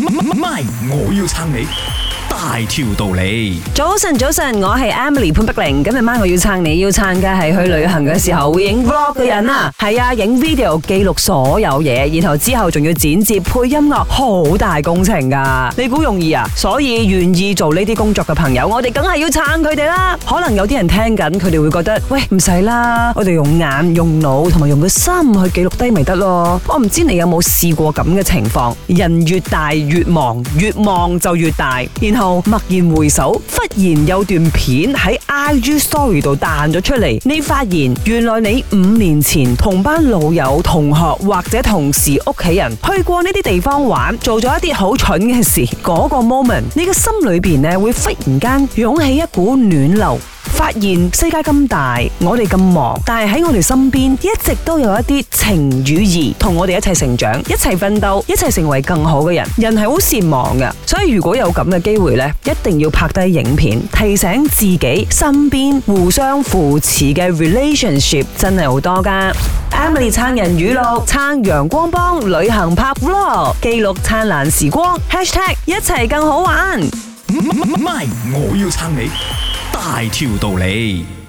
MY，我要撐你。大條道理，早晨早晨，我係 Emily 潘碧玲。今日晚我要撐你要撐嘅係去旅行嘅時候會影 Vlog 嘅人啊，係啊，影 video 記錄所有嘢，然後之後仲要剪接配音樂，好大工程噶，啊，你估容易啊？所以願意做呢啲工作嘅朋友，我哋梗係要撐佢哋啦。可能有啲人聽緊，佢哋會覺得喂，唔使啦，我哋用眼、用腦同埋用個心去記錄低咪得咯。我唔知你有冇試過咁嘅情況？人越大越忙，越忙就越大，然後。驀然回首，忽然有段片喺 IG story 度彈咗出嚟，你發現原來你五年前同班老友、同學或者同事屋企人去過呢啲地方玩，做咗一啲好蠢嘅事，嗰個 moment 你嘅心裏邊呢，會忽然間湧起一股暖流。發現世界咁大，我哋咁忙，但係喺我哋身邊一直都有一啲情與義同我哋一齊成長，一齊奮鬥，一齊成為更好嘅人。人係好善忘㗎，所以如果有咁嘅機會呢，一定要拍低影片提醒自己身邊互相扶持嘅 relationship 真係好多噶。啊、Emily 撐人語錄，撐陽、啊、光幫旅行拍 vlog，記錄燦爛時光。#hashtag 一齊更好玩。我要撐你。大條道理。